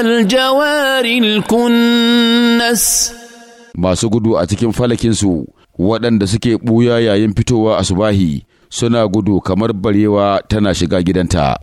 الجوار الكنس masu gudu a cikin falakinsu waɗanda suke ɓuya yayin fitowa a subahi suna gudu kamar barewa tana shiga gidanta